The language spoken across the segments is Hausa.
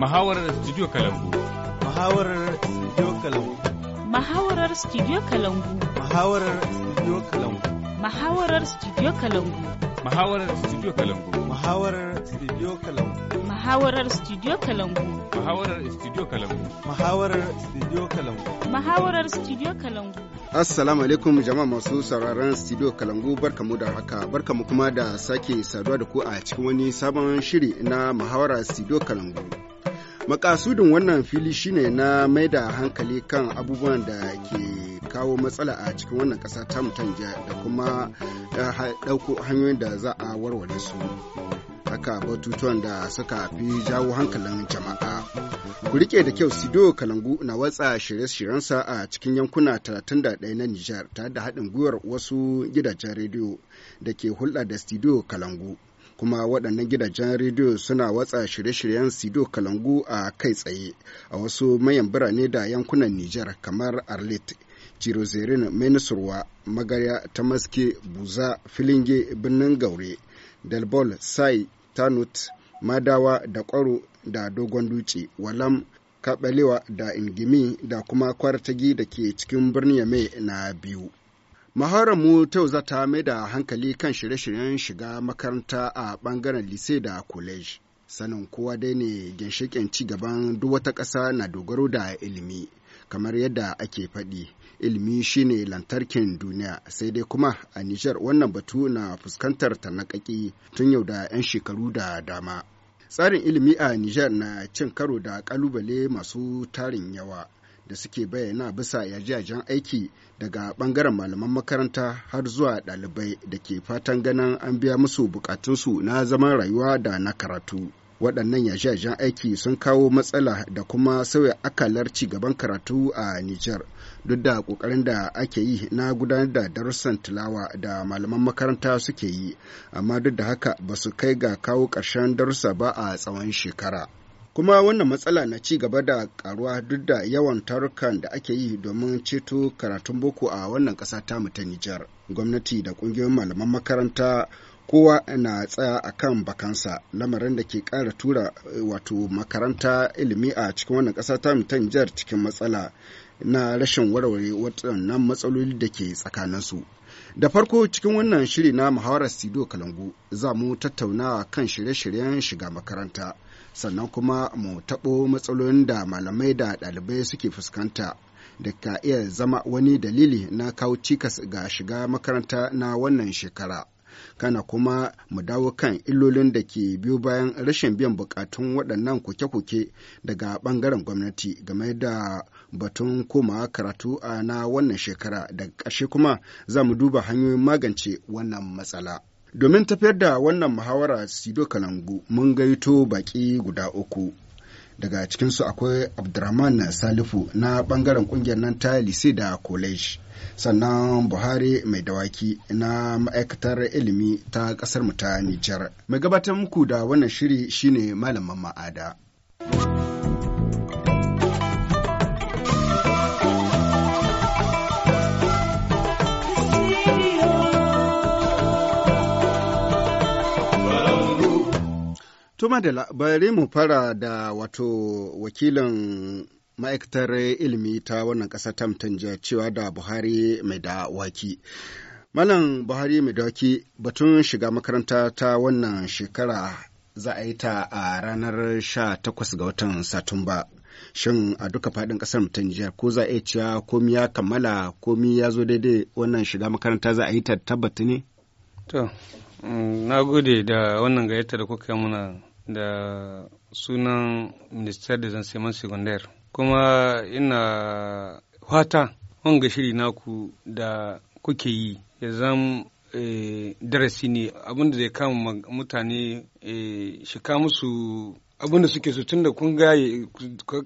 Mahawarar Studio Kalangu. Mahawarar Studio Kalangu. Mahawarar Studio Kalangu. Mahawarar Studio Kalangu. Mahawarar Studio Kalangu. Mahawarar Studio Kalangu. Mahawarar Studio Kalangu. Mahawarar Studio Kalangu. Mahawarar Studio Kalangu. Mahawarar Studio Kalangu. Mahawarar Studio Kalangu. Assalamu alaikum jama'a masu sauraron studio Kalangu barkamu da haka barkamu kuma da sake saduwa da ku a cikin wani sabon shiri na muhawara studio Kalangu. makasudin wannan fili shine na mai da hankali kan abubuwan da ke kawo matsala a cikin wannan ƙasa ta mutanja da kuma eh, ɗauko hanyoyin da za a warware su haka batutuwan da suka fi jawo hankalin jama'a ku rike da kyau sido kalangu na watsa shirye-shiryensa a cikin yankuna 31 na nijar tare da haɗin gwiwar wasu gidajen rediyo da ke hulɗa da studio kalangu kuma waɗannan gidajen rediyo suna watsa shirye-shiryen sido kalangu a kai tsaye a wasu mayan birane da yankunan Nijar kamar Arlit, Jirozerin, Mainisurwa, Magarya, Tamaske, Buza, Filinge, Birnin Gaure, Dalbol, Sai, Tanut, Madawa da Kwaro da Dogon dutse Walam, Kaɓalewa da Ingimi da kuma Kwartagi da ke cikin birnin Yame na biyu. mu tau za ta mai da hankali kan shirye-shiryen shiga makaranta a bangaren lise da college. Sanin kowa dai ne ginshiƙin ci gaban duk wata ƙasa na dogaro da ilimi. Kamar yadda ake faɗi, ilimi shine lantarkin duniya sai dai kuma a Nijar wannan batu na fuskantar tanakaki tun yau da 'yan shekaru da dama. Tsarin ilimi a Nijar na cin karo da ƙalubale masu tarin yawa. da suke bayyana bisa yajajen aiki daga bangaren malaman makaranta har zuwa dalibai da ke fatan ganin an biya musu bukatunsu na zaman rayuwa da na karatu. waɗannan yajajen aiki sun kawo matsala da kuma sauya akalar ci gaban karatu a Nijar duk da ƙoƙarin da ake yi na gudanar da darussan tilawa da malaman makaranta suke yi amma duk da haka ba su kai ga kawo ƙarshen darussa ba a tsawon shekara. kuma wannan matsala na ci gaba da karuwa duk da yawan tarukan da ake yi domin ceto karatun boko a wannan kasa ta ta Nijar. Gwamnati da ƙungiyoyin malaman makaranta kowa na tsaya a kan bakansa lamarin da ke kara tura eh, wato makaranta ilimi a cikin wannan kasa ta ta Nijar cikin matsala na rashin warware waɗannan matsaloli da ke tsakaninsu. Da farko cikin wannan shiri na muhawarar Sido Kalangu za mu tattauna kan shirye-shiryen shiga makaranta, sannan kuma mu taɓo matsalolin da malamai da ɗalibai suke fuskanta da ka iya zama wani dalili na kawo cikas ga shiga makaranta na wannan shekara. Kana kuma mu dawo kan illolin da ke biyo bayan rashin biyan bukatun waɗannan koke-koke daga ɓangaren gwamnati game da batun koma karatu a na wannan shekara daga ƙarshe kuma za mu duba hanyoyin magance wannan matsala. Domin tafiyar da wannan muhawara Sido Kalangu mun gaito baƙi guda uku. Daga cikinsu akwai Abdurrahman Salifu na ɓangaren ƙungiyar nan ta da College. sannan buhari mai dawaki na ma'aikatar ilimi ta ƙasar mu ta nijar mai gabatar muku da wannan shiri shine malamin ma'ada. Tuma da bari mu fara da wato wakilin ma'aikatar ilimi ta wannan ƙasa ta mutanjiya cewa da Buhari mai da waki. Malam Buhari mai da waki batun shiga makaranta ta wannan shekara za a yi ta a ranar 18 ga watan Satumba. Shin a duka faɗin ƙasar mutanjiya ko za a cewa komi ya kammala komi ya zo daidai wannan shiga makaranta za a yi ta tabbata ne? To, mm, na gode da wannan gayyata da kuka muna da sunan minister da zanseman secondaire kuma ina fata wanga shiri naku da kuke yi ya zama eh, darasi ne abinda zai kama mutane eh, shi ka musu abinda suke su da kun gaye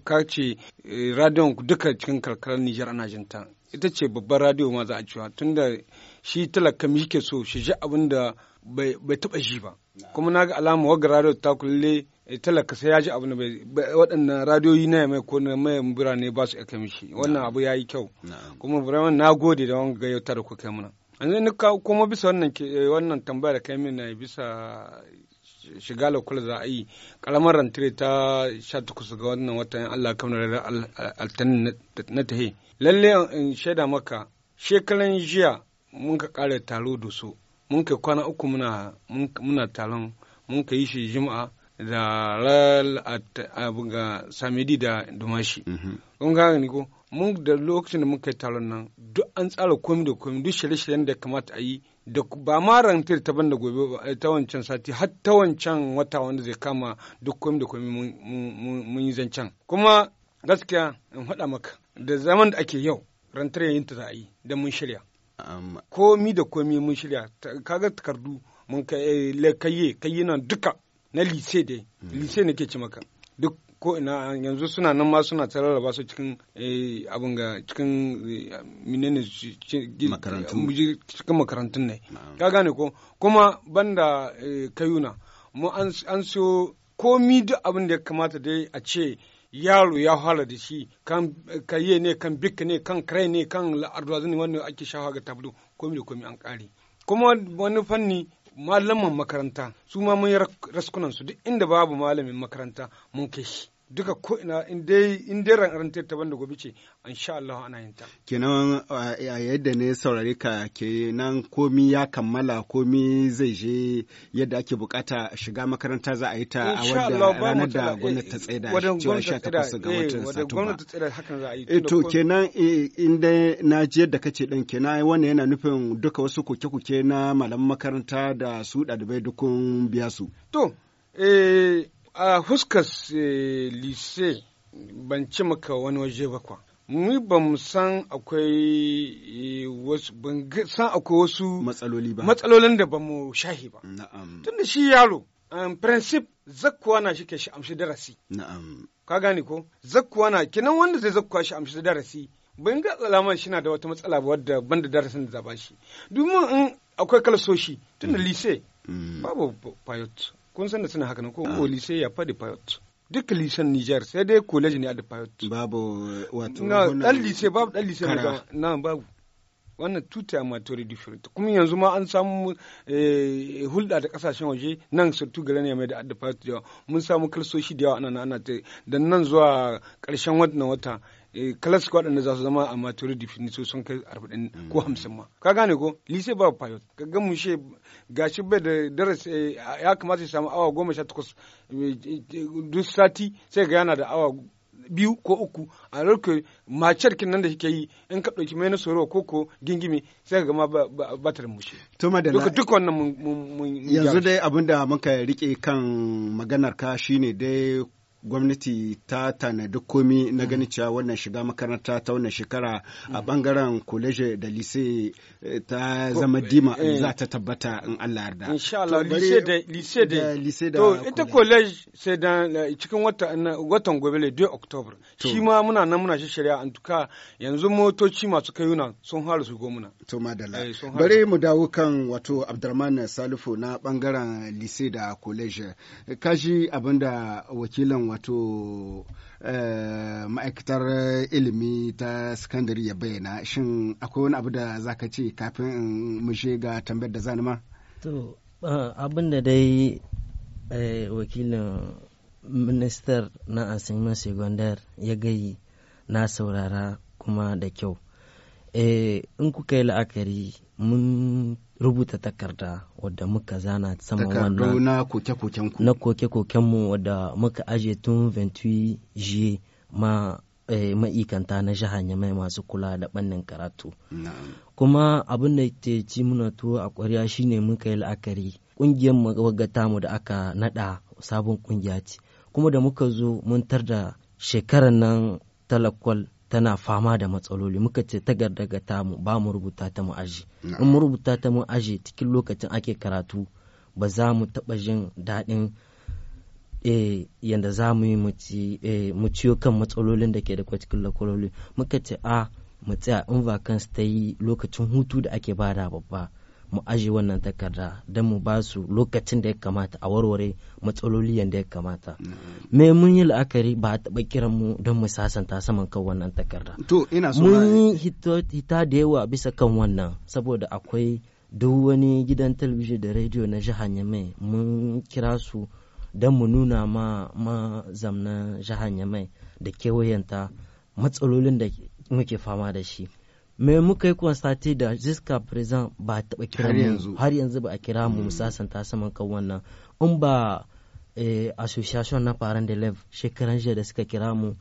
ka ce eh, radiyon duka cikin karkarar Nijar ana jinta ita ce babbar radiyo ma za a cewa da shi talaka ke so shi ji abinda bai taba shi ba kuma na ga alama wagga radio ta kulle eh, talaka sai ya ji abu bai waɗannan radiyoyi na mai ko na mai birane ba su aka mishi wannan abu ya yi kyau kuma birane na gode da wanga gayyata da kuka mana yanzu ni kuma bisa wannan eh, wannan tambaya da kai min bisa shiga lokal za a yi kalamar rantare ta takwas ga wannan watan Allah kamar da altanin na tahe lalle eh, in shaida maka shekaran jiya mun ka kare taro da su mun ka kwana uku muna muna mun ka yi shi juma'a da ral ga samedi da dumashi Mun mhm. gane ni ko mun da lokacin da muka yi talon nan duk an tsara komi da komi duk shirye-shiryen da kamata a yi da ba ma rantar ta banda gobe eh, ta wancan sati har ta wancan wata wanda zai kama duk komi da komi mun yi zancen kuma gaskiya in faɗa maka da zaman da ake yau rantar yayin ta za a yi da mun shirya Um, komi da komi mun shirya kaga takardu mun kaye eh, kaye nan duka na lise dai hmm. lise nake ci maka duk ko ina yanzu suna nan ma suna ba su cikin eh, abin ga cikin eh, minene cikin makarantun ne ka gane ko kuma banda kayuna mu an siyo komi duk abin da ya kamata dai a ce yaro ya fara da shi kan kayye ne kan bik ne kan krai ne kan arduazin ne wannan ake shawa ga tablo komi da komi an kare kuma wani fanni malaman makaranta su ma mun raskunan su duk inda babu malamin makaranta mun kai shi duka ko ina in dai in dai rantar ta banda gobe ce sha Allah ana yin ta kenan yadda ne saurare ka kenan komi ya kammala komi zai je yadda ake bukata shiga makaranta za a yi ta a wadda ranar da gwamnati ta tsaida cewa kusa ga watan eh, Satumba eh, to kenan eh, in dai na ji yadda kace din kenan wannan yana nufin duka wasu koke-koke na malaman makaranta da su ɗalibai dukun biya su to eh a huskas eh, lise ban ci maka wani waje ba kwa mu ba mu san akwai eh, wasu ban san akwai wasu matsaloli ba matsalolin da ba mu shahi ba na'am tunda shi yaro um, principe zakkuwa na shi ke shi amshi darasi na'am ka gane ko zakkuwa na kinan wanda zai zakkuwa shi amshi darasi ban ga alamar shi na da wata matsala ba wadda ban da darasin da za ba shi domin in akwai kalsoshi tunda mm. lise mm. babu payot kun san da suna haka ko ko ah. lycée ya fa de fayot duk lycée Niger sai dai college ne a da fayot babu eh, wato na dan lycée babu dan lycée na na babu wannan tuta amatori different kuma yanzu ma an samu eh, hulɗa da kasashen waje nan surtu gare ne mai da adda fayot mun samu kalsoshi da yawa ana ana ta da nan zuwa ƙarshen wannan wata Eh, class waɗanda za su zama a maturity finito sun kai arba'in ko hamsin ma ka gane ko lise ba pilot ka ga mushe gashi bai da darasi eh, ya kamata ya samu awa goma sha takwas eh, duk sati sai ga yana da awa biyu ko uku a rarke macer nan da kike yi in ka ɗauki mai nasoro ko ko gingimi sai ka gama ba da mushe. Tuma da duka duk wannan mun yanzu dai abinda muka rike kan maganar ka shine dai gwamnati ta tanadi komi na mm. ganin cewa wannan shiga makaranta ta wannan shekara a mm. bangaren college da lise eh, ta zama dima eh, eh. za ta tabbata in Allah yarda. Insha Allah lise da lise da to ita college sai da cikin watan gobe le 2 October shi ma muna nan muna shi shari'a an tuka yanzu motoci masu kayuna sun haru su gomuna. To madalla. Bare mu dawo kan wato Abdurrahman Salifu na bangaren lise da koleje kashi abinda wakilan wato eh, ma'aikatar eh, ilimi ta sakandare ya bayyana shin akwai wani abu da za ka ce kafin mu mushe ga tambayar da zanima? to abin da dai eh, wakilin minister na asimin segondar ya gayi na saurara kuma da kyau in kuka yi la'akari mun rubuta takarda wadda muka zana sama wannan na koke na koke-kokenmu wadda muka aje tun 28 je ma eh, ma'ikanta na jihar mai masu kula da bannin karatu no. kuma abin da ke ci muna tuwo a ƙwarya shine muka yi la'akari ƙungiyar magagata mu da aka nada sabon ƙungiya ce kuma da muka zo mun tar da shekarar nan talakwal tana fama da matsaloli muka ce daga ta mu ba mu rubuta ta mu aji in mu rubuta ta mu aji cikin lokacin ake karatu ba za mu taɓa jin daɗin eh, yadda za mu yi eh, mu ciyo kan matsalolin da ke da kwa cikin lakwaloli muka ce a ah, mu tsaya in vacance ta yi lokacin hutu da ake bada babba mu aje wannan takarda don mu ba su lokacin da ya kamata a warware matsaloli yadda ya kamata mm-hmm. me mun yi la'akari ba a taɓa kiran mu don mu sasanta saman kan wannan takarda to ina so mun yi hita da yawa bisa kan wannan saboda akwai duk wani gidan talabijin da rediyo na jihar Nyamai mun kira su don mu nuna ma mazamnan jihar Nyamai da kewayenta matsalolin da muke fama da shi me muka yi constaté da jiska present ba taba kira mu har yanzu ba a kira mu mm. ta saman kan wannan in ba eh, association na parents lev shekaran jiya da suka kira mu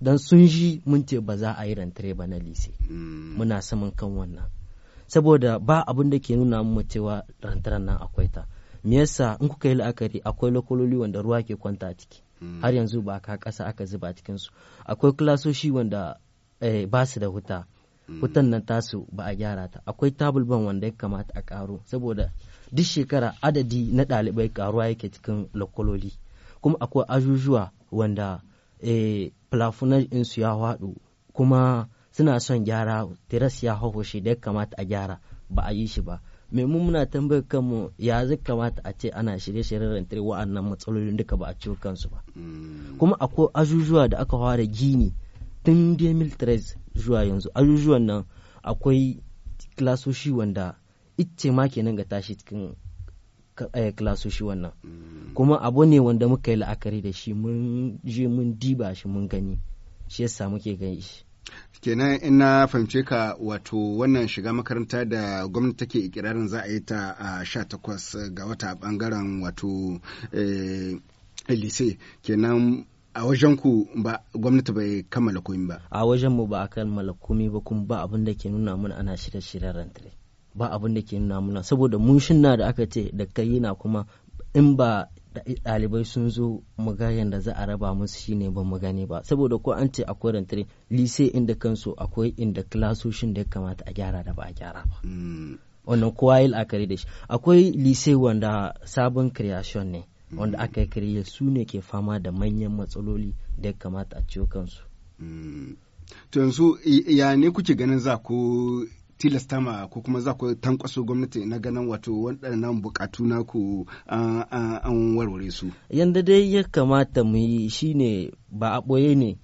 dan sun ji mun ce ba za a yi rantare ba na lise mm. muna saman kan wannan saboda ba abin da ke nuna mu cewa rantaren nan akwai ta me yasa in kuka yi la'akari akwai lokololi wanda ruwa ke kwanta ciki mm. har yanzu ba ka kasa aka zuba cikin su akwai kilasoshi wanda eh, ba su da huta Mm. wutan nan tasu ba a gyara ta akwai tabul ban wanda ya kamata a karo saboda duk shekara adadi na ɗalibai karuwa yake cikin lokololi kuma akwai ajujuwa wanda e, plafunan insu ya haɗu kuma suna son gyara tiras ya hau shi da ya kamata a gyara ba a yi shi ba mai muna tambayar kanmu ya zai kamata a ce ana shirye-shiryen rantar wa'annan matsalolin duka ba a ciwo kansu ba mm. kuma akwai ajujuwa da aka fara gini tun 2013 zuwa yanzu ajujuwan nan akwai klasoshi wanda icce ma kenan ga tashi cikin klasoshi eh, wannan mm. kuma abu ne wanda muka yi la'akari da shi mun je mun diba shi mun gani shi yasa muke gani shi kenan ina fahimce ka wato wannan shiga makaranta da gwamnati take ikirarin za a yi ta a sha takwas ga wata bangaren wato eh, lise kenan a wajen ku ba gwamnati bai kammala komi ba a wajen mu ba a kammala komi ba kuma ba abin da ke nuna mana ana shirye shiryen rantare ba abin da ke nuna mana saboda mun shinna da aka ce da kai na kuma in ba ɗalibai sun zo mu ga yanda za a raba musu shine ba mu gane ba saboda ko an ce akwai rantare lise inda kansu akwai inda kilasoshin da ya kamata a gyara da ba a gyara ba hmm. wannan kowa yi la'akari da shi akwai lise wanda sabon creation ne wanda aka yi kariya su ne ke fama da manyan matsaloli da ya kamata a ciwo kansu. Mm. To yanzu ya ne kuke ganin za ku tilasta ma ko kuma za ku tankwaso gwamnati na ganin wato waɗannan buƙatu na ku an warware su. Yanda dai ya kamata mu yi shi ne ba a ɓoye ne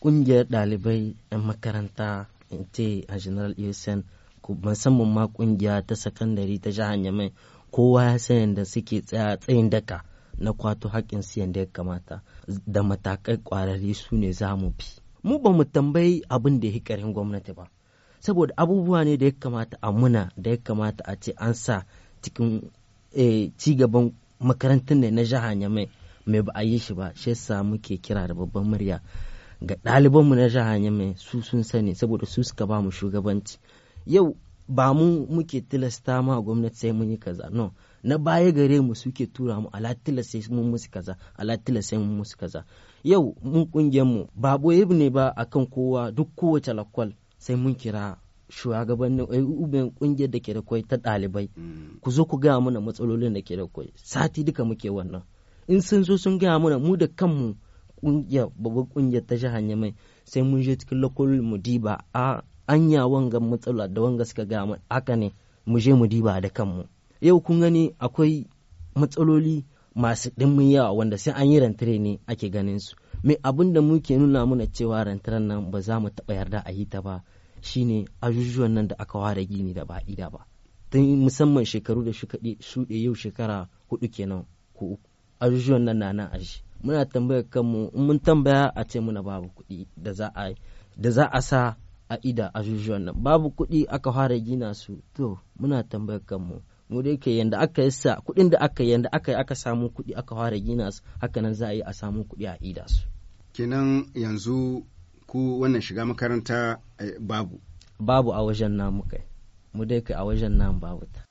ƙungiyar ɗalibai 'yan makaranta in ce a general USN musamman ma ƙungiya ta sakandare ta jihar Yamai kowa ya san yadda suke tsaya tsayin daka na kwato haƙƙin siyan da ya kamata da matakai ƙwararri su ne za mu bi mu ba mu tambayi abin da ya ƙarfin gwamnati ba saboda abubuwa ne da ya kamata a muna da ya kamata a ce an sa cikin eh, ci gaban makarantun ne na jiha mai mai ba a yi shi ba shi yasa muke kira da babban murya ga ɗalibanmu na jiha mai su sun sani saboda su suka ba mu shugabanci yau ba mu muke tilasta ma gwamnati sai mun yi kaza no na baya gare mu suke tura mu alatila sai mun musu kaza alatila sai mun musu kaza yau mun kungiyar mu ba boye ne ba akan kowa duk kowace lakwal sai mun kira shugabannin eh, uben kungiyar da ke da kwai ta ɗalibai mm. ku zo ku gaya mana matsalolin da ke da kwai sati duka muke wannan in sun zo sun gaya mana mu da kanmu kungiya babban kungiyar ta jihar mai sai mun je cikin lakolin mu diba a ah, anya wanga matsala da wanga suka gaya mana haka ne mu je mu diba da kanmu yau kun gani akwai matsaloli masu ɗimmin yawa wanda sai an yi rantare ne ake ganin su me abin da muke nuna muna cewa rantaren nan ba za mu taɓa yarda a yi ta ba shine ajujuwan nan da aka ware gini da ba ida ba tun musamman shekaru da shuɗe yau shekara hudu kenan ko uku ajujuwan nan na nan aji muna tambayar kanmu in mun tambaya a ce muna babu kuɗi da za a da za a sa a ida ajujuwan nan babu kuɗi aka fara gina su to muna tambayar kanmu mu dai ke yanda aka yi sa kuɗin da aka yanda aka yi aka samu kuɗi aka fara gina su haka nan za a yi a samu kuɗi a ida su kenan yanzu ku wannan shiga makaranta eh, babu babu a wajen namu kai mu dai kai a wajen nan babu ta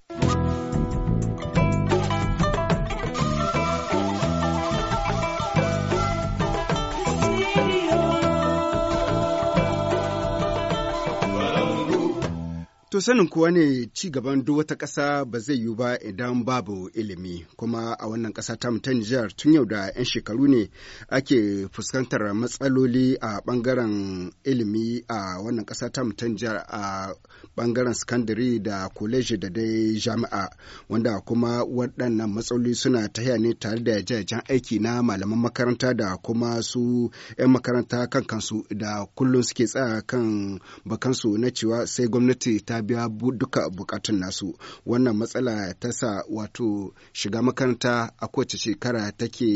To sanin kuwa ne ci gaban duk wata kasa ba zai yiwu ba idan babu ilimi kuma a wannan ƙasa ta ta Nijar tun yau da 'yan shekaru ne ake fuskantar matsaloli a ɓangaren ilimi a wannan ƙasa ta ta Nijar a bangaren sakandare da koleji da dai jami'a wanda kuma waɗannan matsaloli suna tahiya ne tare da jajen aiki na malaman makaranta da kuma su 'yan makaranta kan kansu da kullum suke tsaya kan bakansu na cewa sai gwamnati ta biya duka bukatun nasu wannan matsala ta sa wato shiga makaranta a kowace shekara take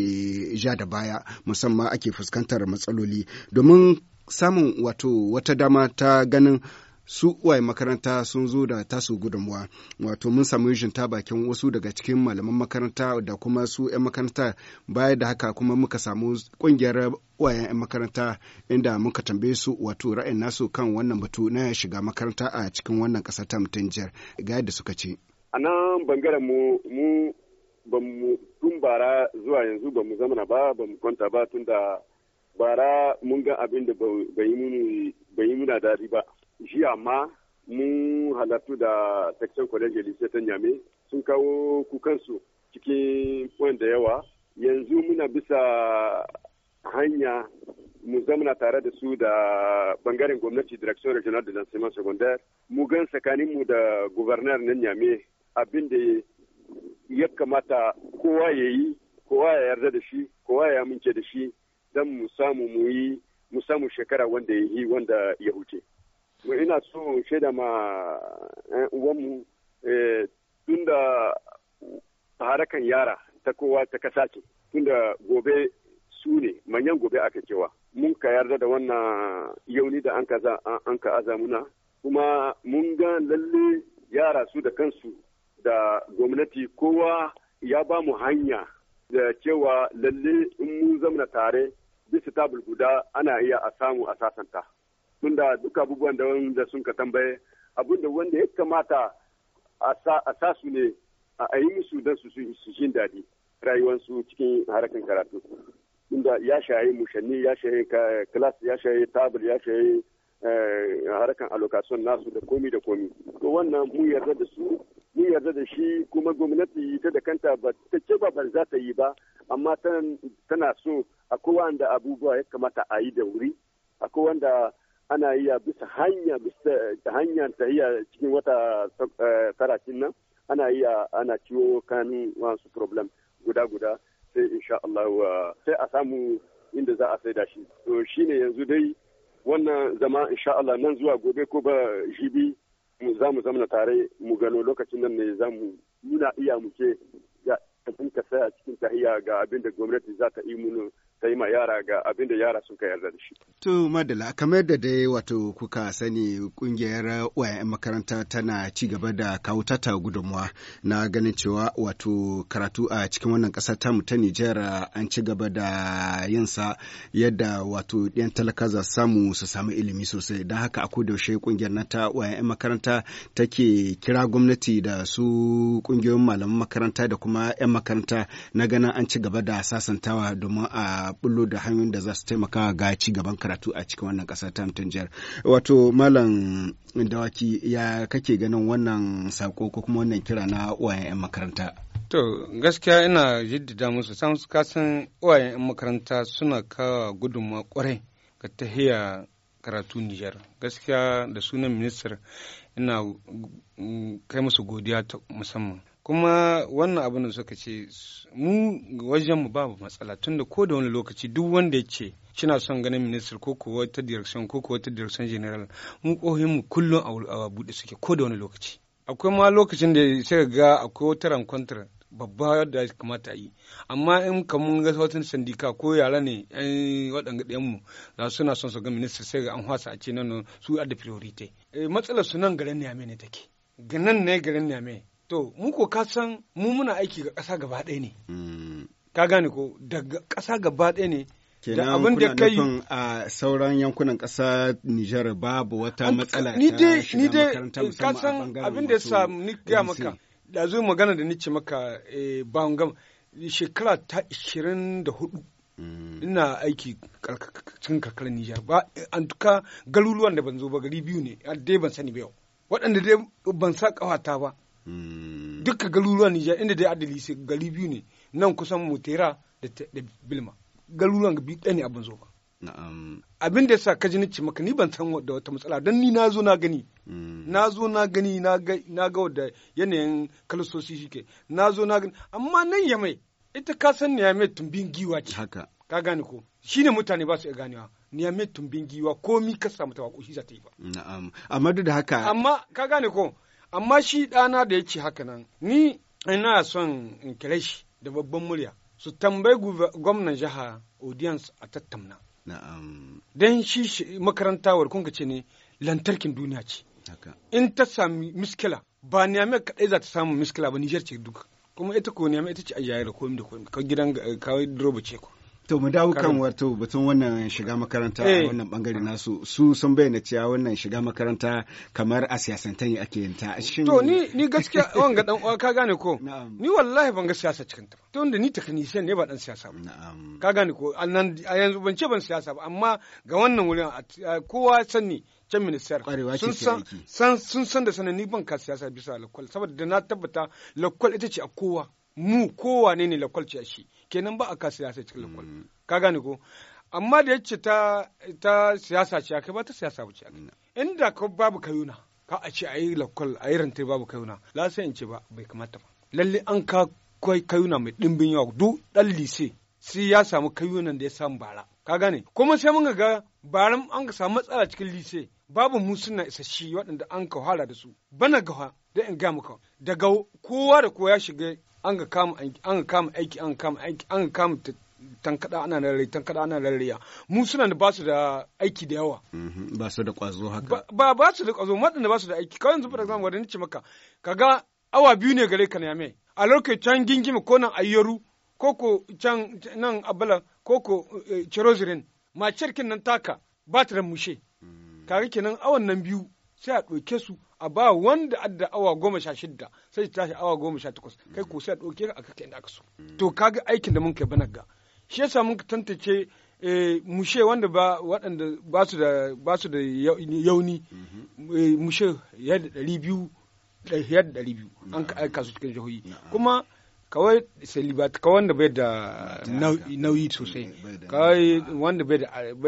ja da baya musamman ake fuskantar matsaloli domin samun wato wata dama ta ganin su uwaye makaranta sun zo da tasu gudunmuwa wato mun samu yin ta bakin wasu daga cikin malaman makaranta da kuma su 'yan makaranta baya da haka kuma muka samu kungiyar uwayen 'yan makaranta inda muka tambaye su wato ra'ayin nasu kan wannan batu na shiga makaranta a cikin wannan ƙasar ta mutum jihar ga yadda suka ce. a nan bangaren mu mu ba mu tun bara zuwa yanzu ba mu zamana ba ba mu kwanta ba tun bara mun ga abin da bai muna daɗi ba jiya ma mun halartu da section college lycée ta nyame sun kawo kukansu cikin point da yawa yanzu muna bisa hanya mu zamana tare da su da bangaren gwamnati direction regional de l'enseignement secondaire mu gan tsakanin mu da gouverneur na nyame abin da ya kamata kowa ya yi kowa ya yarda da shi kowa ya amince da shi don mu samu mu yi mu samu shekara wanda ya yi wanda ya huce. mu ina so shaida ma uwanmu eh, tun da harakan yara ta kowa ta kasa ce tun da gobe su ne manyan gobe aka cewa mun ka yarda da wannan yauni da an ka azamuna kuma mun ga lalle yara su da kansu da gwamnati kowa ya ba mu hanya da cewa lalle in mun zamna tare bisa tabul guda ana iya a samu a sasanta. tunda duk abubuwan da wanda sun ka tambaye abin da wanda ya kamata a sa su ne a yi musu don su su jin daɗi rayuwarsu cikin harakan karatu tunda ya shaye mushanni ya shaye klas ya shaye tabul ya shaye eh, harakan allocation nasu da komi da komi to wannan mu yarda da su mu yarda da shi kuma gwamnati ta da kanta ba ta ce ba ban za ta yi ba amma tana so akwai wanda abubuwa ya kamata a yi da wuri akwai wanda ana yi a bisa hanya bisa hanya ta iya cikin wata karatin nan ana yi ana ciwo kan wasu problem guda guda sai insha Allah sai a samu inda za a sai da shi to shine yanzu dai wannan zama insha Allah nan zuwa gobe ko ba jibi mu za mu zamana tare mu gano lokacin nan ne za mu nuna iya muke ga ka saya cikin tahiya ga abinda da gwamnati za ta yi mun ta yi ma yara ga abin da yara suka yarda da shi. To Madala, kamar da dai wato kuka sani kungiyar wayan makaranta tana ci gaba da kawo tata gudunmuwa na ganin cewa wato karatu a cikin wannan ta mu ta Nijar an ci gaba da yin sa yadda wato ɗan talaka za samu su samu ilimi sosai don haka a yaushe kungiyar na ta wayan makaranta take kira gwamnati da su kungiyoyin malaman makaranta da kuma 'yan makaranta na ganin an ci gaba da sasantawa domin a bullo da hanyoyin da za su taimaka ga ci gaban karatu a cikin wannan kasar ta jihar wato malam dawaki ya kake ganin wannan sako ko kuma wannan kira na uwayen 'yan makaranta To gaskiya ina jiddida musu san kasan uwayen 'yan makaranta suna kawo gudunmawa kwarai ga tahiya karatu Nijar. Gaskiya da sunan ministar ina mm, kai musu godiya musamman. kuma wannan abin da suka ce mu wajen mu babu matsala tunda ko da wani lokaci duk wanda ya ce kina son ganin minister ko ko wata direction ko ko wata direction general mu kohin mu kullum a bude suke ko da wani lokaci akwai ma lokacin da sai ga akwai wata rankwantar babba da kamata yi amma in ka mun ga wata sandika ko yara ne yan waɗanda mu za suna son su ga minister sai ga an hwasa a ce nan su a da priority eh, matsalar su nan garin ne take ganin ne garin ne To, mu ko ka san mu muna aiki ga ƙasa gaba ɗaya ne. Mm. Ka gane ko daga ƙasa gaba ɗaya ne. da abin da kai a sauran yankunan ƙasa Nijar babu wata matsala ta shiga makaranta eh, musamman a abin da ya sa ni ga maka da zo magana da nice maka eh, bawon gama shekara ta 24 mm. ina aiki cikin kakar Nijar ba an tuka galuluwan da ban zo ba gari biyu ne dai ban sani ba yau waɗanda dai ban sa ƙawata ba Mm. Dukka garuruwan Nijar inda dai adali sai gari biyu ne nan kusan Mutera da Bilma. Garuruwan bi biyu ne abin zo Abin da sa kaji nace maka ni ban san da wata matsala don ni na zo na gani. Mm. Na zo na gani na ga wadda yanayin kalisosi shike. Na zo na gani amma nan ya mai ita ka san ne ya mai tumbin giwa ce. Haka. Ka gane ko shine mutane ba su iya ganewa. mai tumbin giwa komi ka samu ta wako shi za ta yi ba. amma duk da haka. Amma ka gane ko amma shi ɗana da yake haka nan ni ina son in kira shi da babban murya su tambayi gwamnan jiha audience a tattauna Don shi makaranta warkunka ce ne lantarkin duniya ce in ta sami miskila ba Niamey kaɗai za ta samu miskila ba Nijar ce duka kuma ita ko Niamey ita ce a yayar komi da komi ka gidan kawai duroba ce ko To mu dawo kan wato batun wannan shiga makaranta a eh. wannan bangare nasu su sun bayyana cewa wannan shiga makaranta kamar a siyasantan ake yin ta. To ni ni gaskiya ga dan uwa ka gane ko ni wallahi ban ga siyasa cikin ta. To da ni technician ne ba dan siyasa ba. Na'am. Ka gane ko annan a yanzu ban ce ban siyasa ba amma ga wannan wurin kowa sanni can minister sun san sun san da sanani ban ka siyasa bisa lakwal saboda na tabbata lakwal ita ce a kowa mu kowa ne ne lakwal ce a shi kenan ba a ka siyasa cikin lakwal mm. ka gane ko amma da yace ta ta siyasa ce kai ba ta siyasa ba ce mm. inda ka babu kayuna ka a ce ayi lokal ayi rantai babu kayuna la sai in ce ba bai kamata ba lalle an ka kai kayuna mai dimbin yawa duk dan lise sai ya samu kayunan da ya samu bara ka gane kuma sai mun ga baran an ka samu matsala cikin lise babu mu suna isasshi waɗanda an ka hala da su bana gawa da in ga muka daga kowa da kowa ya shiga an ga kama an ga kama aiki an ga kama aiki an ga kama tankada ana rarrai tankada ana rarraya mu suna da basu da aiki da yawa mm-hmm. ba su da kwazo haka ba ba su da kwazo waɗanda ba su da aiki kawai yanzu for example wadanda ce maka kaga awa biyu ne gare ka na yame a lokacin can gingime ko nan ayyaru ko ko can nan abala ko ko eh, cherozirin ma cerkin nan taka ba ta da mushe mm. kaga kenan awan nan biyu sai a ɗauke su a ba wanda adda awa goma sha shidda sai ta tashi awa goma sha takwas kai ko sai a ɗauke ka a kake inda aka so to kaga aikin da mun kai bana ga shi yasa mun tantance eh, mushe wanda ba waɗanda ba su da ba su da yauni eh, mushe yadda ɗari biyu eh, yadda ɗari biyu an ka aika su cikin jihohi kuma kawai celibat kawai wanda bai da nauyi sosai kawai wanda bai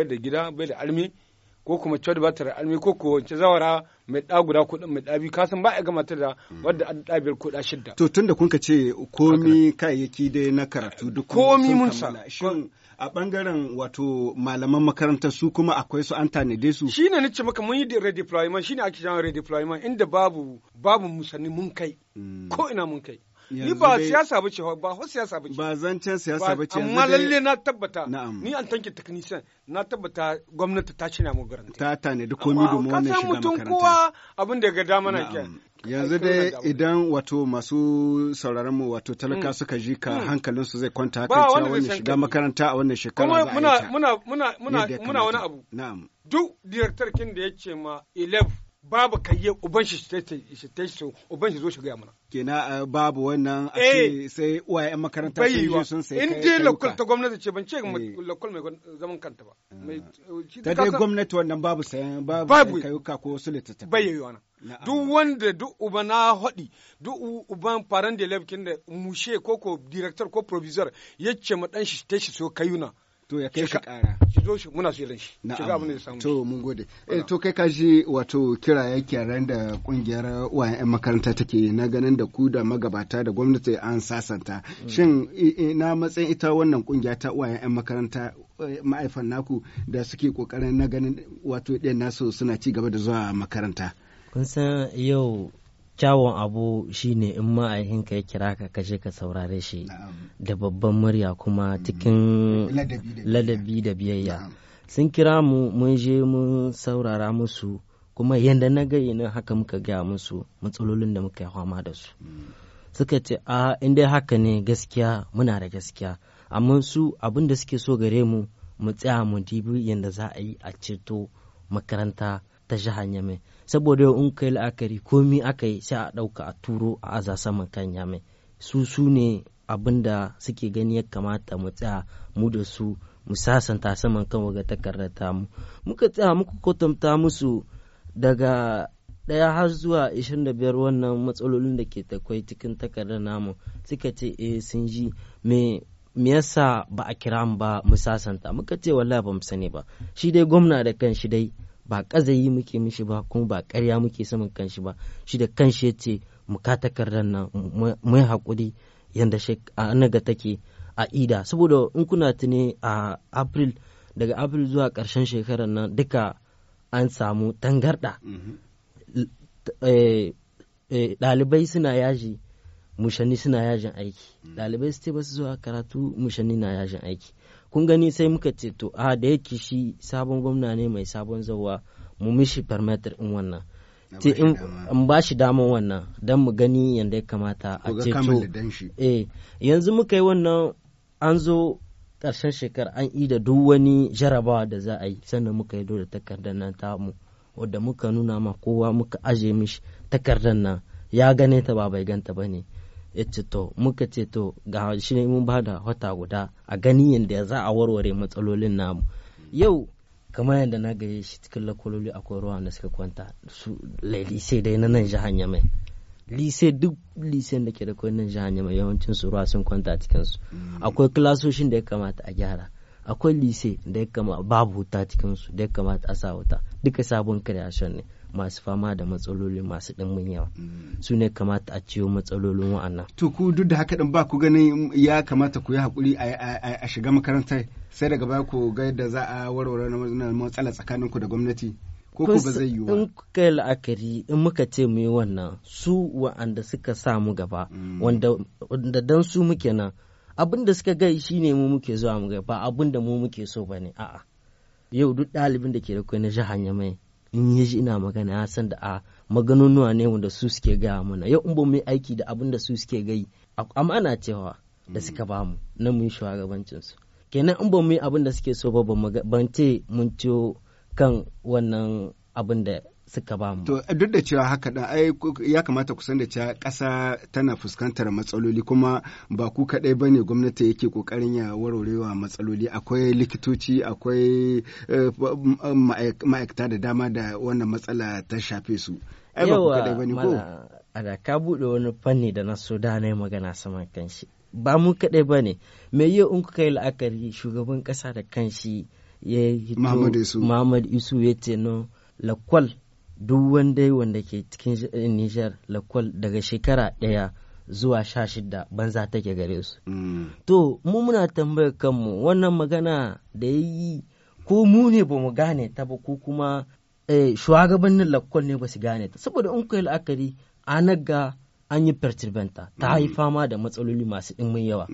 da gida bai da armi ko kuma cewa da ba ta almi ko ko wance zawara mai ɗa guda ko mai ɗabi biyu kasan ba a gama ta da mm. wadda an ɗabiyar kuɗa shidda. To da kun ka ce komi kayayyaki dai na karatu duk komi mun sa. Shin a bangaren wato malaman makarantar su kuma akwai su an tanade su. Shi ne nace maka mun yi da redeployment shi ne ake jawo redeployment inda babu babu musanni mun kai mm. ko ina mun kai. ni ba siyasa ba ce ba ho siyasa ba ce ba zancen siyasa ba ce amma lalle na tabbata ni an tanke technician na tabbata gwamnati ta cina mu garanti ta da komi domin wannan shiga makaranta mutum kowa abin da ga dama na kiyan yanzu dai idan wato masu sauraron mu wato talaka mm. suka ji ka mm. hankalin su zai kwanta haka cewa wannan shiga makaranta a wannan shekara za a yi muna muna muna muna wani abu na'am duk director kin da yake ma 11 babu kayye uban shi shi ta shi uban shi zo shi gaya mana. Kena eh, babu wannan a eh, sai uwaye yan makaranta sun yi sun sai kai. In dai lokal ta gwamnati ce ban ce eh. lokal mai zaman kanta ba. Ah. Ta dai gwamnati wannan babu sayan babu kayuka ko su littattafa. Bai yi wannan. Duk wanda duk uba na haɗi duk uban faran da labkin da mushe ko ko director ko provisor ya ce ma dan shi ta shi so kayuna. to ya kai shi kara shi zo shi muna shirin shi shiga abin samu to mun gode eh to kai ka ji wato kira yake ran da kungiyar wayan yan makaranta take na ganin da ku da magabata da gwamnati an sasanta mm. shin na matsayin ita wannan kungiya ta wayan yan makaranta eh, ma'aifan naku da suke kokarin na ganin wato ɗin nasu suna ci gaba da zuwa makaranta kun san yau kyawun abu shine in ma'aikinka ya kira ka kashe ka saurare shi da babban murya kuma mm. cikin ladabi da biyayya sun kira mu mun je mun saurara musu kuma yadda na gayyana haka muka gaya musu matsalolin da muka yi fama da su mm. suka ce a inda haka ne gaskiya muna da gaskiya amma su abin da suke so gare mu mu tsaya mu dibi yadda za a yi a ceto makaranta ta jihar yamai saboda yau in kai la'akari komi aka yi sai a ɗauka a turo a aza saman kan yamai su su ne abin da suke gani ya kamata mu tsaya mu da su mu sasanta saman kan waga takardar mu muka tsaya muka kwatanta musu daga ɗaya har zuwa 25 wannan matsalolin da ke takwai cikin takardar namu suka ce eh sun ji me yasa ba a kira mu ba mu sasanta muka ce wallahi ba mu sani ba shi dai gwamna da kan shi dai ba ƙazayi muke mishi ba kuma ba karya muke saman kanshi ba shi da kanshi ya ce mu ka takardar nan mu yi haƙuri yadda anaga take a ida saboda in kuna tuni a april daga april zuwa karshen shekarar nan duka an samu tangarɗa mm-hmm. eh, eh, ɗalibai suna yaji mushanni suna yajin aiki mm. ɗalibai su ce ba su zuwa karatu mushanni na yajin aiki kun gani sai muka ce to a da yake shi sabon gwamna ne mai sabon zawa mu mishi permitir in wannan te in ba shi daman wannan don mu gani yadda ya kamata a ceto eh yanzu muka yi wannan an zo ƙarshen shekar an yi da duk wani jarabawa da za a yi sannan muka yi da takardar nan mu wadda muka nuna ma kowa muka aje mishi takardar nan ya gane ta ba bai ganta ba ne ya ce to muka ce to ga shi ne mun bada wata guda a gani yadda za a warware matsalolin namu yau kamar yadda na gaye shi cikin lakololi akwai ruwa da suka kwanta su lise dai na nan jihar yamai lise duk lise da ke da kwai nan jihar yamai yawancin su ruwa sun kwanta cikin su mm. akwai kilasoshin da ya kamata a gyara akwai lise da ya kama babu wuta cikin su da ya kamata a sa wuta duka sabon creation ne masu fama da matsaloli masu ɗanmin yawa mm. su ne kamata a ciwo matsalolin wa'annan to ku duk da haka ɗin ba ku ganin ya kamata ku yi hakuri a shiga makaranta sai daga baya ku ga yadda za a warware na matsala tsakanin ku da gwamnati ko ku ba zai yi in kai la'akari in muka ce mu yi wannan su wa'anda suka sa mu gaba mm. wanda dan su muke nan abin da suka gai shi ne mu muke zuwa mu ba abin da mu muke so ba ne a'a yau duk ɗalibin da ke da kwai na jihar mai in yi ji ina magana ya san da a maganunuwa ne wanda su suke gaya mana yau in ba mu yi aiki da abin da su suke gai amana cewa da mm. suka ba mu na mun yi su kenan in ba mu yi abin da suke so ba ban ce mun ciyo kan wannan abin da suka ba mu. To duk da cewa haka da ai ya kamata ku san da cewa ƙasa tana fuskantar matsaloli kuma ba ku kaɗai ba ne gwamnati yake ƙoƙarin ya warwarewa matsaloli akwai likitoci akwai eh, ma'aikata da dama da wannan matsala ta shafe su. Ai ba ku kaɗai ba ne ko? Ada ka buɗe wani fanni da na so da na yi magana saman kanshi. Ba mu kaɗai ba ne. Me yau in kuka yi la'akari shugaban ƙasa da kanshi ya yi hito Muhammad Isu ya ce no lakwal duk wanda wanda ke cikin eh, Nijar lakwal daga shekara ɗaya zuwa sha shida banza take gare su. Mm. To, mu muna tambayar kanmu wannan magana da ya yi ko mu ne ba mu gane ta ba ko kuma eh, shugabannin lakwal ne ba su gane ta. Saboda in kai la'akari a naga an yi perturbanta ta yi mm. fama da matsaloli masu ɗimbin yawa.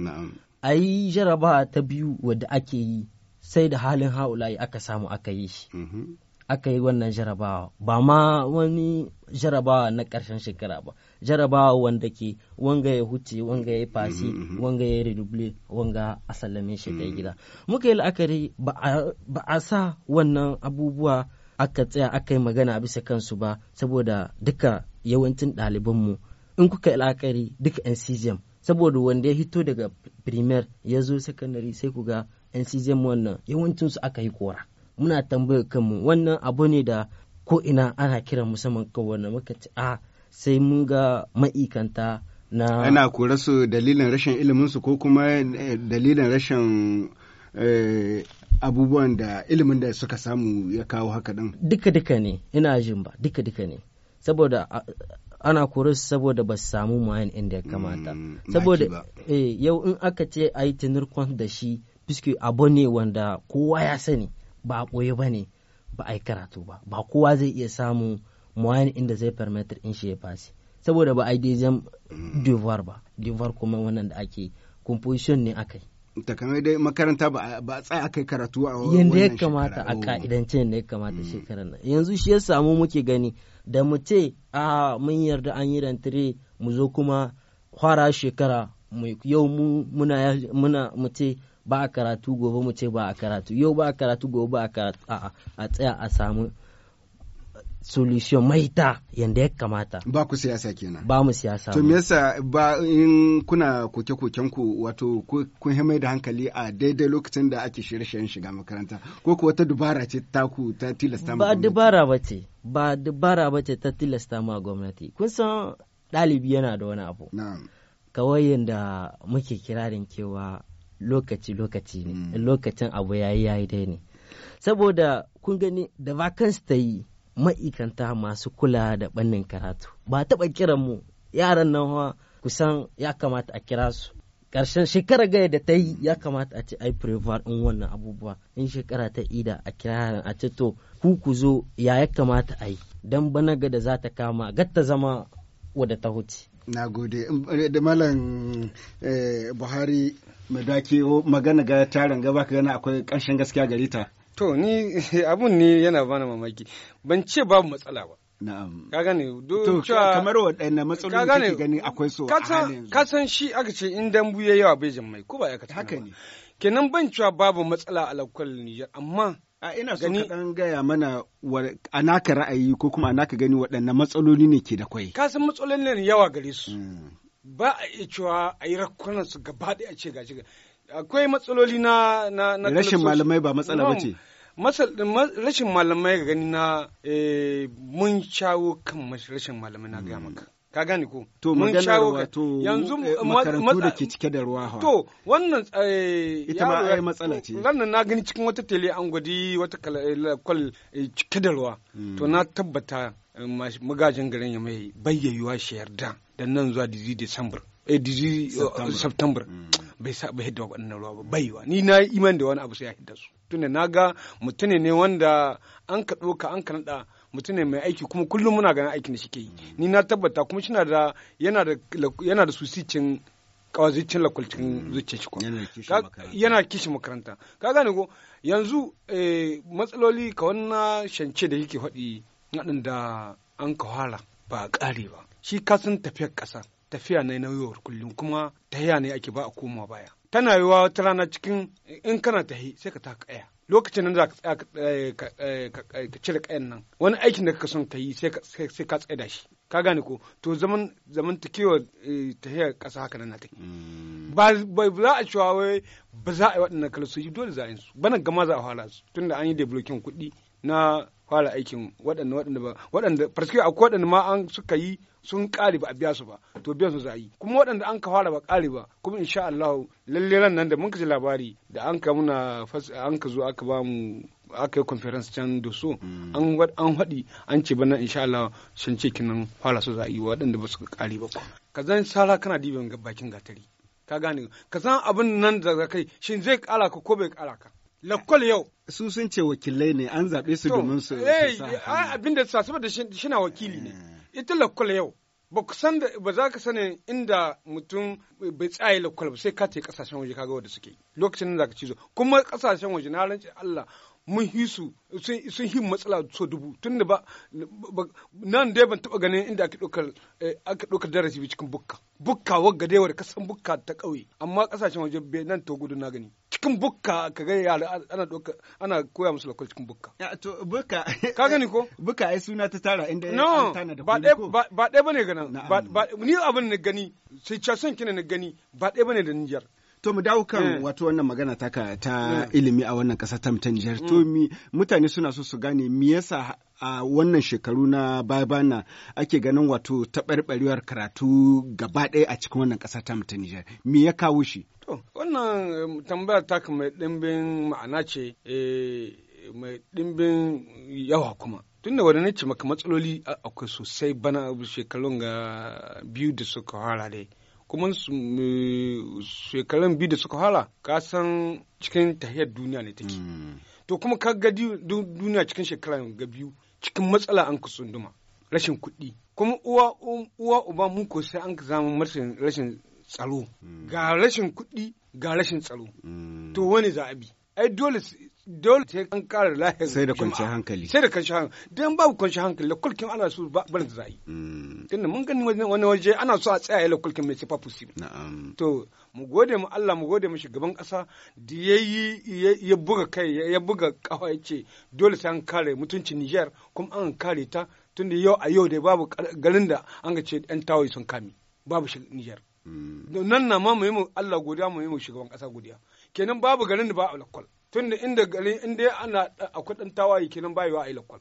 A yi jaraba ta biyu wadda ake yi sai da halin ha'ula'i aka samu aka yi shi. Mm-hmm. aka yi wannan jarabawa ba ma wani jarabawa na ƙarshen shekara ba jarabawa wanda ke wanga ya huce wanga ya fasi mm-hmm, mm-hmm. wanga ya redouble wanga a sallame shi da gida mm-hmm. muka yi la'akari ba a sa wannan abubuwa aka tsaya aka yi magana bisa kansu ba saboda duka yawancin ɗalibanmu in kuka yi la'akari duka ncgm saboda wanda ya hito daga primer ya zo sakandare sai ku ga ncgm wannan yawancinsu aka yi kora muna tambayar kanmu wannan abu ne da ko ina ana kira musamman kan wannan muka ce a ah, sai mun ga ma'ikanta na ana kura su dalilin rashin ilimin su ko kuma eh, dalilin rashin eh, abubuwan da ilimin da suka samu ya kawo haka din duka duka ne ina jin ba duka duka ne saboda ana kore su saboda ba su samu mayan inda ya kamata hmm, saboda eh, yau in aka ce a yi tinirkon da shi biski abu ne wanda kowa ya sani ba a ɓoye ba ne ba a yi karatu ba ba kowa zai iya samun muwani inda zai permitir in shi ya fasi saboda ba a yi dejan devoir ba devoir kuma wannan da ake composition ne akai kamar dai makaranta ba a tsaya akai karatu a oh. yanda ya kamata a ka'idance ne ya kamata mm. shekarar nan yanzu shi ya samu muke gani da mu ce a mun yarda an yi rantire mu zo kuma fara shekara yau muna muna mu ce ba a karatu gobe mu ce ba a karatu yau ba a karatu gobe ba a karatu a tsaya a samu solution maita yadda ya kamata ba ku siyasa kenan ba mu siyasa to yasa ba in kuna koke koken ku wato kun hima da hankali a daidai lokacin da ake shirye-shiryen shiga makaranta ko kuwa ta dubara ce ta ku ta tilasta ma ba dubara ba ce ba dubara ba ce ta tilasta ma gwamnati kun san ɗalibi yana da wani abu kawai yadda muke kirarin cewa lokaci-lokaci ne mm. lokacin abu ya yi yayi dai ne saboda kun gani da vacancy ta yi ma'ikanta masu kula da bannin karatu ba taba kiran mu yaran nan kusan ya kamata a kira su ƙarshen shekara gaya da ta yi ya kamata a ce ai prevar in wannan abubuwa in shekara ta ida a yaran a ce to ku ku zo ya ya kamata a yi dan bana ga da za ta kama gatta zama wadda ta huce. na gode eh, da malam eh, buhari mai dake magana ga taron gaba ka gana akwai ƙarshen gaskiya gari ta to ni abun ne yana bana mamaki ban ce babu matsala ba Na'am. Ka gane to kamar waɗanne matsaloli kake gani akwai so Ka san shi aka ce in dambu ya yawa bai jin mai ko ba ya kata. Haka ne. Kenan ban cewa babu matsala a lakwal Niger amma a ina so ka dan gaya mana a naka ra'ayi ko kuma a naka gani waɗanne matsaloli ne ke da kwai. Ka san matsalolin yawa gare su. Mm. ba a iya cewa a yi rakunansu su gaba ɗaya a ce gashi akwai matsaloli na na na rashin malamai ba matsala ba ce rashin malamai ga gani na eh, mun shawo kan rashin malamai na gaya hmm. maka ka gane ko to mun shawo to yanzu eh, makarantu da ke cike da ruwa to wannan eh, ita ma ai matsala ce wannan na gani cikin wata tele an gwadi wata eh, kwal cike da ruwa hmm. to na tabbata magajin garin ya mai bayyayuwa shi yarda da nan zuwa dizi december Eh, dizi September. Hmm. Bai sa bai hidda wannan ruwa ba baiwa. Ni na iman da wani abu sai ya hidda su. Tunda naga mutune ne wanda an ka doka an ka mutum ne mai aiki kuma kullum muna ganin aikin da shike yi ni na tabbata kuma shi da yana da yana da susicin kawazicin lakulcin mm. zuciya shi yana kishi makaranta ka gane ko yanzu eh, matsaloli ka wannan shance da yake faɗi naɗin da an kawara ba a ƙare ba shi kasan tafiyar ƙasa tafiya ne na yau kullum kuma tahiya ne ake ba a koma baya tana yiwa wata rana cikin in kana tahi sai ka ta kaya lokacin nan za ka tsaya eh, eh, eh, cire kayan nan wani aikin da kaka son ka yi sai ka tsaya da shi ka gane ko to zaman zaman ta hiyar kasa haka nan na take mm. ba za a cewa wai ba za a yi waɗannan kalasoji dole za a yi su bana gama za a fara su tunda an yi da blokin kuɗi na fara aikin waɗanda waɗanda ba waɗanda farske akwai waɗanda ma an suka yi sun ƙare ba a biya su ba to biyan su za a yi kuma waɗanda an ka fara ba ƙare ba kuma insha Allah lalle ran nan da mun ji labari da an ka muna an ka zo aka ba mu aka yi conference can da so mm. an an haɗi an ce bana insha Allah sun ce kinan fara su za a yi waɗanda ba su ƙare ba ka zan sara kana diban bakin gatari ka gane ka san abin nan da kai shin zai ƙara ka ko bai ƙara ka lakwal yau su sun ce wakilai ne an zaɓe su domin su abin da sa saboda shina wakili ne eh. ita lakwal yau ba ku san da ba za ka sani inda mutum bai tsaye lakwal ba sai ka ce kasashen waje kaga wadda suke lokacin da za ka cizo kuma kasashen waje na rance Allah mun hi su sun hi matsala so dubu da ba nan dai ban taɓa ganin inda aka ɗaukar eh, aka ɗaukar darasi cikin bukka bukka wagga dai wanda kasan bukka ta ƙauye amma kasashen waje bai nan to gudu na gani cikin bukka ka ga yara ana doka ana koya musu lokal cikin bukka to bukka ka gani ko bukka ai suna ta tara inda no ba ba dai bane ga nan ni abin ne gani sai casan kina na gani ba dai bane da Niger to mu dawo kan eh. wato wannan magana taka ta eh. ilimi a wannan kasa ta Niger to mm. mutane suna so su gane me yasa a wannan shekaru na baya ake ganin wato taɓarɓarewar karatu gaba ɗaya a cikin wannan ƙasa ta ta Nijar. Me ya kawo shi? To, wannan um, tambayar ta mai ɗimbin ma'ana ce eh, mai ɗimbin yawa kuma. Tun da wani nace maka matsaloli akwai sosai bana shekarun ga biyu da suka hara dai. kuma shekarun biyu da suka hala ka san cikin tahiyar duniya ne take hmm. to kuma ka ga duniya cikin shekara ga biyu cikin matsala an ka tsunduma rashin kuɗi kuma uwa uwa uba mun ko sai an ka zama rashin tsaro hmm. ga rashin kuɗi ga rashin tsaro hmm. to wani za a bi ai dole dole sai an kara lahiyar sai da kwanci hankali sai da kwanci hankali dan babu kwanci hankali lokulkin ana su ba da zai din mun gani wani waje ana so a tsaya lokulkin mai sifa fusi to mu gode mu Allah mu gode mu shugaban Kasa da yayi ya buga kai ya buga kawai yace dole sai an kare mutuncin Niger kuma an kare ta tunda yau a yau da babu garin da an ga ce ɗan Tawai sun kame babu shi Niger mm. nan na ma mu yi mu Allah godiya mu yi mu shugaban kasa godiya kenan babu garin da ba a lakwal tunda inda gari inda ana akwai ɗan tawaye kenan bayewa a ilakwal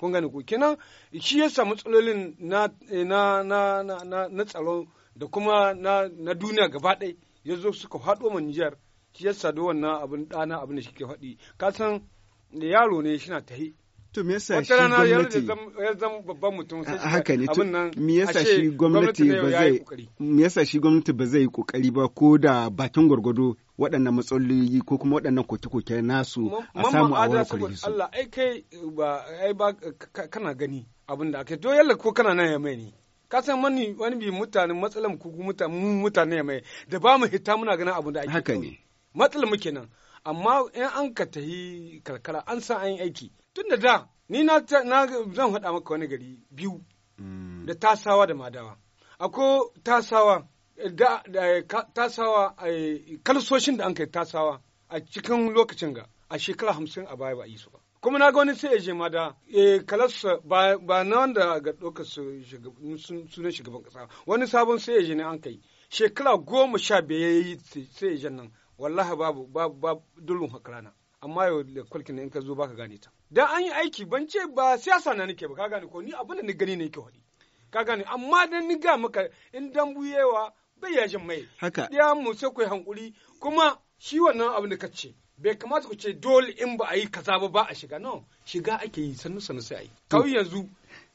kun gani ko kenan shi yasa matsalolin na na na na na tsaro da kuma na na duniya gaba ɗaya ya zo suka haɗo ma Nijar shi ya sadu wannan abin ɗana abin da shi ke faɗi kasan yaro ne shi na tahi To me yasa shi gwamnati ya zama babban mutum sai haka ne to me yasa shi gwamnati ba zai me yasa shi gwamnati ba zai kokari ba ko da bakin gurgudu waɗannan matsaloli ko kuma waɗannan koke-koke nasu a samu a wani kuri su. Allah ai kai ba ai ba kana gani abin da aka to yalla ko kana nan ya mai ni ka san mani wani bi mutanen matsalan ku mutane mu mutane ya mai da ba mu hita muna ganin abin da ake. Haka ne. Matsalan muke nan amma in an ka tahi karkara an san an yi aiki tun da da ni na zan faɗa maka wani gari biyu mm. da tasawa da madawa ako tasawa da tasawa kalsoshin da an kai tasawa a cikin lokacin ga a shekara hamsin a baya ba yi su ba kuma na ga wani sai ya je ma da eh, kalarsa ba na wanda ga ɗaukar sunan shugaban ƙasa wani sabon sai ya je ne an kai shekara goma sha biyar ya yi sai ya nan wallaha babu babu babu hakrana amma yau da kulkin in ka zo baka gane ta dan an yi aiki ban ce ba siyasa na nake ba ka gane ko ni abin da ni gani ne yake hadi ka gane amma dan ni ga maka in dan buyewa bai yajin mai haka ya mu sai ku hankuri kuma shi wannan abin da kace bai kamata ku ce dole in ba a yi kaza ba a shiga no shiga ake yi sannu sannu sai a yi kawai yanzu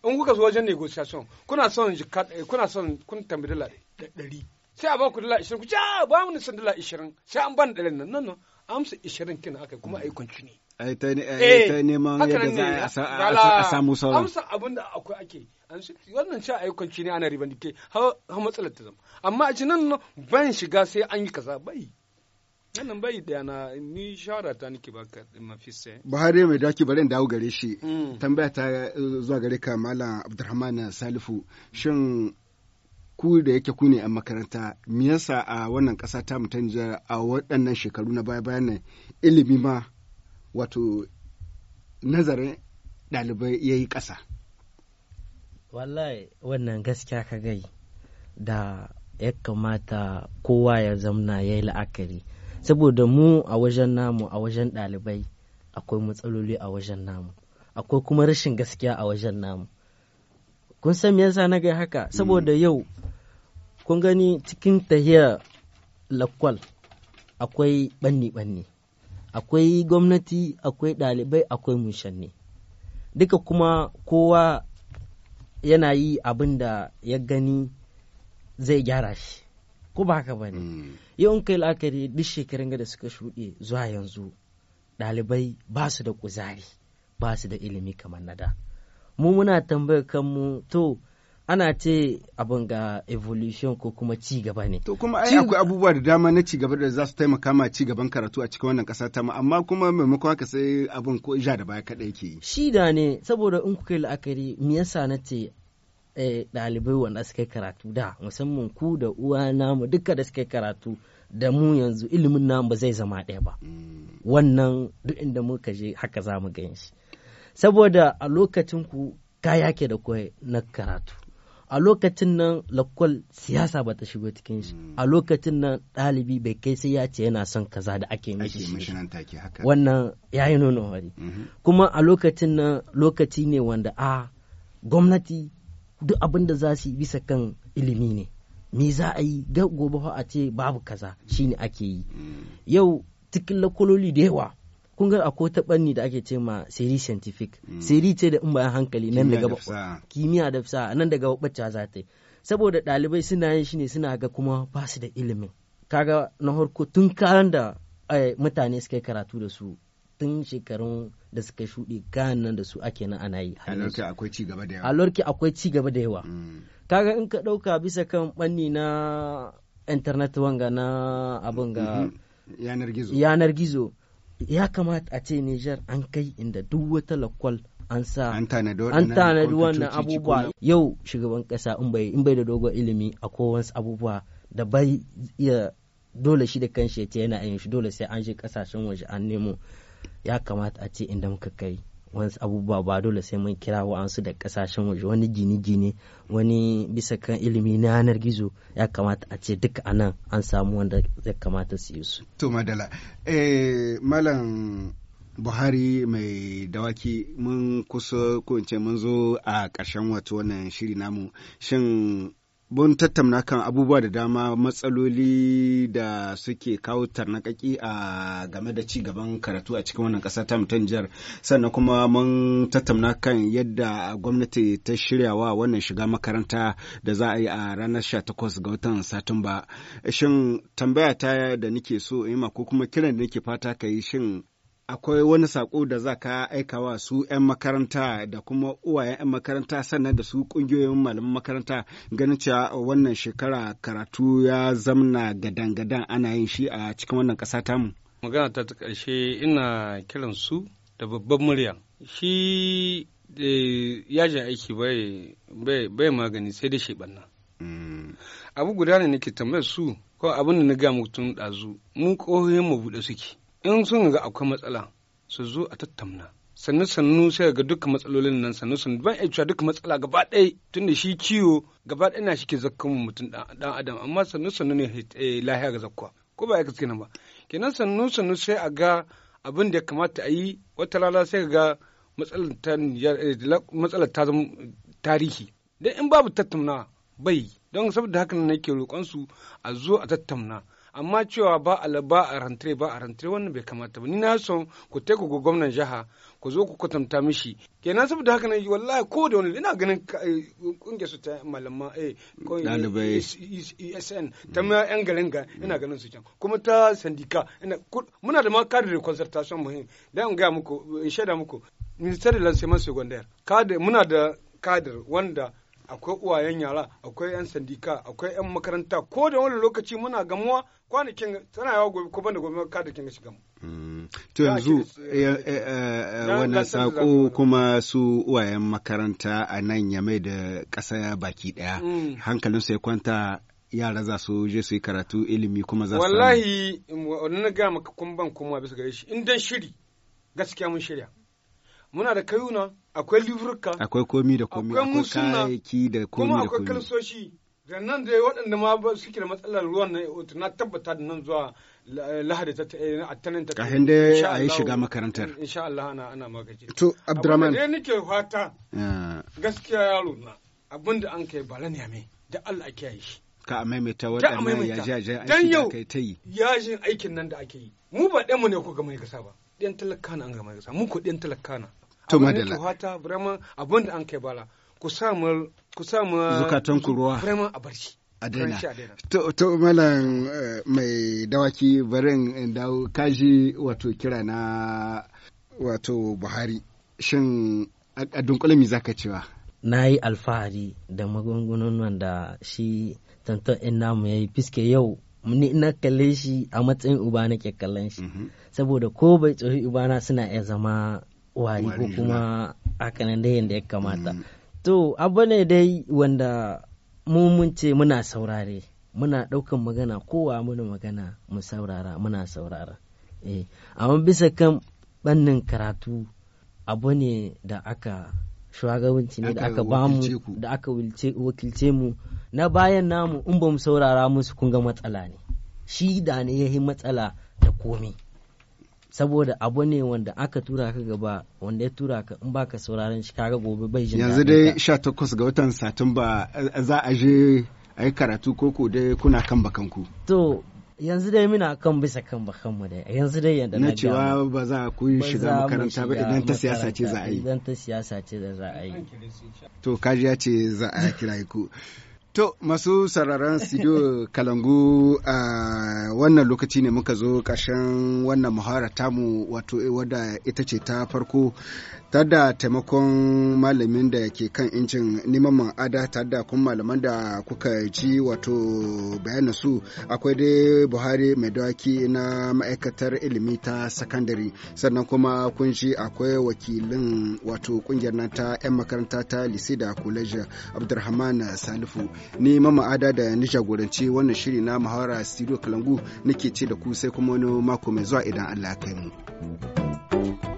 in kuka zo wajen negotiation kuna son eh, kuna son kun tambayi dala ɗari sai a ba ku dala ishirin ku ce a ah, ba mu nisan dala ishirin sai an ban ɗari nan nan amsa ishirin kina aka kuma ayi kwanci ne. Ai eh, ta neman yadda za a samu sauran. Amsa abin da akwai ake wannan cewa ayi kwanci ne ana riban dike har matsalar ta zama amma a ci nan ban shiga sai an yi kaza bai. Wannan bai da na ni shawara ta nake baka mafisa. Buhari mai daki bari in dawo gare shi. Mm. Tambaya ta eh, zuwa gare ka Malam Abdulrahman Salifu shin ku da yake ku ne 'yan makaranta me yasa a wannan ƙasa ta mu Nijar a waɗannan shekaru na baya bayan nan ilimi ma wato nazarin ɗalibai ya yi ƙasa. Wallahi wannan gaskiya ka gai da ya kamata kowa ya zamna ya yi la'akari saboda mu a wajen namu a wajen ɗalibai akwai matsaloli a wajen namu akwai kuma rashin gaskiya a wajen namu kun san me yasa na ga haka saboda mm. yau kun gani cikin tahiyar lakwal akwai banni-banni akwai gwamnati akwai ɗalibai akwai mushanni duka kuma kowa yana yi abin da ya gani zai gyara shi ko ba haka ba ne mm. yau in kai la'akari duk shekarun da suka shuɗe zuwa yanzu ɗalibai ba su da kuzari ba su da ilimi kamar na da mu muna tambayar kanmu to ana ce abin ga evolution ko kuma ci gaba ne. To kuma ai akwai abubuwa da dama na ci gaba da za su taimaka ma ci gaban karatu a cikin wannan kasa ta mu amma kuma maimakon haka sai abin ko ja da baya kaɗai ke. Shi da ne saboda in kuka yi la'akari me yasa na ce dalibai eh, wanda suka yi karatu da musamman ku da uwa namu duka da suka yi karatu da mu yanzu ilimin namu ba zai zama ɗaya ba. Mm. Wannan duk inda muka je haka za mu gan shi. saboda a lokacin ku kaya ke da kwai na karatu a lokacin nan lakwal siyasa bata shigo cikin shi hmm. a lokacin nan ɗalibi bai kai sai ya ce yana son kaza da ake mishi shi wannan ya yi nuna wari mm-hmm. kuma a lokacin nan lokaci ne wanda a gwamnati duk abin da za su yi bisa kan ilimi ne me za a yi ga gobe a ce babu kaza shine ake yi mm. yau cikin lakwaloli da yawa kun ga akwai ta banni da ake ce ma seri scientific mm. seri ce da in bayan hankali nan daga kimiyya da fasaha nan daga bacca za ta yi saboda ɗalibai suna yin shi ne suna ga kuma ba su da ilimin kaga na harko tun kayan da eh, mutane suka yi karatu da su tun shekarun da suka shuɗe kayan nan da su ake nan ana yi halorki akwai ci gaba da yawa akwai ci gaba da yawa mm. kaga in ka ɗauka bisa kan banni na internet wanga na abin ga mm-hmm. yanar gizo yanar gizo ya kamata a ce Nijar an kai inda duk wata lakwal an sa an tanadi wannan abubuwa yau shugaban kasa in bai bai da dogon ilimi a kowansu abubuwa da bai iya dole shi da kanshi ya ce yana yin shi dole sai an je kasashen waje an nemo ya kamata a ce inda muka kai wasu abubuwa ba dole sai mun kira wa'ansu da kasashen waje wani gine-gine wani bisa kan ilimi na yanar gizo ya kamata a ce duka a nan an samu wanda ya kamata su yi su. To madala, eh, malam Buhari mai dawaki mun kusa ko mun zo a ƙarshen wato wannan shiri namu shin mun tattauna kan abubuwa da dama matsaloli da suke kawo tarnakaki a game da ci gaban karatu a cikin wannan kasa ta mutan jihar sannan kuma mun tattauna kan yadda gwamnati ta shirya wa wannan shiga makaranta da za a yi a ranar 18 ga watan satumba shin tambaya ta da nake so in ma ko kuma kiran da nake fata ka yi shin akwai wani sako da za ka aikawa su 'yan makaranta da kuma uwayen 'yan makaranta sannan da su ƙungiyoyin malaman makaranta ganin cewa wannan shekara karatu ya zamna gadan-gadan ana yin shi a cikin wannan ƙasa tamu. Magana ta ƙarshe ina kiran su da babban murya. Shi da e, yajin aiki bai magani sai dai shebanna mm. Abu guda ne nake tambayar su ko abin da na ga mutum ɗazu mun ƙohoyin mu buɗe suke. in sun ga akwai matsala su zo a tattauna sannu sannu sai ga dukkan matsalolin nan sannu sannu ban iya duka matsala gaba ɗaya tunda shi ciwo gaba ɗaya na shi ke zakkan mutum ɗan adam amma sannu sannu ne eh, lahiya ga zakkuwa ko ba ya gaske nan ba kenan sannu sannu sai a ga abin da ya kamata a yi wata rana sai ga eh, matsalar ta zama tarihi dan in babu tattauna bai don saboda haka nake roƙon su a zo a tattauna amma cewa ba a ba a rantare ba a rantare wannan bai kamata ba ni na son ku ta ku gwamnan jiha ku zo ku kwatanta mishi kenan saboda haka nan wallahi ko da wani ina ganin kungiyar eh, su ta malama eh ESN e-, e-, e ta ma yan garin ga ina mm. ganin su can kuma ta sandika muna da ma kadar da consultation muhim da in ga muku in shaida muku minister da lancement secondaire muna da kadar wanda akwai uwayen yara akwai 'yan sandika akwai 'yan makaranta ko da wani lokaci muna gamuwa kwanakin tana yawa gobe ko banda gobe kada kin shiga mu mm. to yanzu eh, eh, wannan sako kuma su uwayen makaranta a nan ya mai da ƙasa baki daya mm. hankalinsu ya kwanta yara za su je su yi karatu ilimi kuma za su wallahi na ga maka kun ban kuma bisa gare shi in shiri gaskiya mun shirya muna da kayuna akwai livruka akwai komi da komi akwai kayayyaki da komi da komi akwai kalsoshi da nan da waɗanda ma ba suke da matsalar ruwan na na tabbata da nan zuwa lahadi ta eh, tanin ta kafin da a yi shiga makarantar insha Allah ana ana magaji to abdurrahman da nake fata ah. gaskiya yaro na abinda an kai bala ne mai da Allah ake yi shi ka a maimaita ji yaje yaje aikin da kai ta yi yajin aikin nan da ake yi mu ba ɗan mu ne ko ga mai gasa ba ɗiyan talaka na an gama gasa mun ko ɗiyan talaka na to madalla to hata vraiment abin da an kai bala ku samu ku samu mu zukatan ku ruwa vraiment a barci a daina to to malam eh, mai dawaki barin dawo kaji wato kira na wato Buhari shin a dunkule mi zaka cewa na yi alfahari da magungunan wanda shi tantan namu ya yi fiske yau ni na kalle shi a matsayin uba na ke kallon shi mhm. saboda ko bai tsohi ibana suna iya zama wari ko kuma hakanan dai yadda ya kamata mm. to abu ne dai wanda mun ce muna saurare muna ɗaukan magana kowa muna magana mu saurara muna saurara eh amma bisa kan bannin karatu abu ne da aka shugabanci ne da aka bamu da aka wakilce mu na bayan namu in ba mu saurara musu kun ga matsala ne shi da ne ya yi matsala da komai saboda abu ne wanda aka tura ka gaba wanda ya tura ka in baka sauraron shi kaga gobe bai jin yanzu dai 18 ga watan satumba eh, za a je a yi karatu ko dai kuna kan ku to yanzu dai muna kan bisa kan mu dai yanzu dai yadda na cewa ba za ku shiga makaranta ba idan ta siyasa ce za a yi idan ta siyasa ce da za a yi to kaji ya ce za a kira ku To masu sararan studio Kalangu a wannan lokaci ne muka zo ƙarshen wannan muhara tamu wato eh, wadda ita ce ta farko tare da taimakon malamin da ke kan incin neman ma'ada tare da kuma malaman da kuka ji wato bayanin su akwai dai buhari mai dawaki na ma'aikatar ilimi ta sakandare sannan kuma kun ji akwai wakilin wato kungiyar nan ta 'yan makaranta ta lise da koleji abdulrahman salifu ni ma'ada da ni jagoranci wannan shiri na muhawara studio kalangu nake ce da ku sai kuma wani mako mai zuwa idan allah kai mu.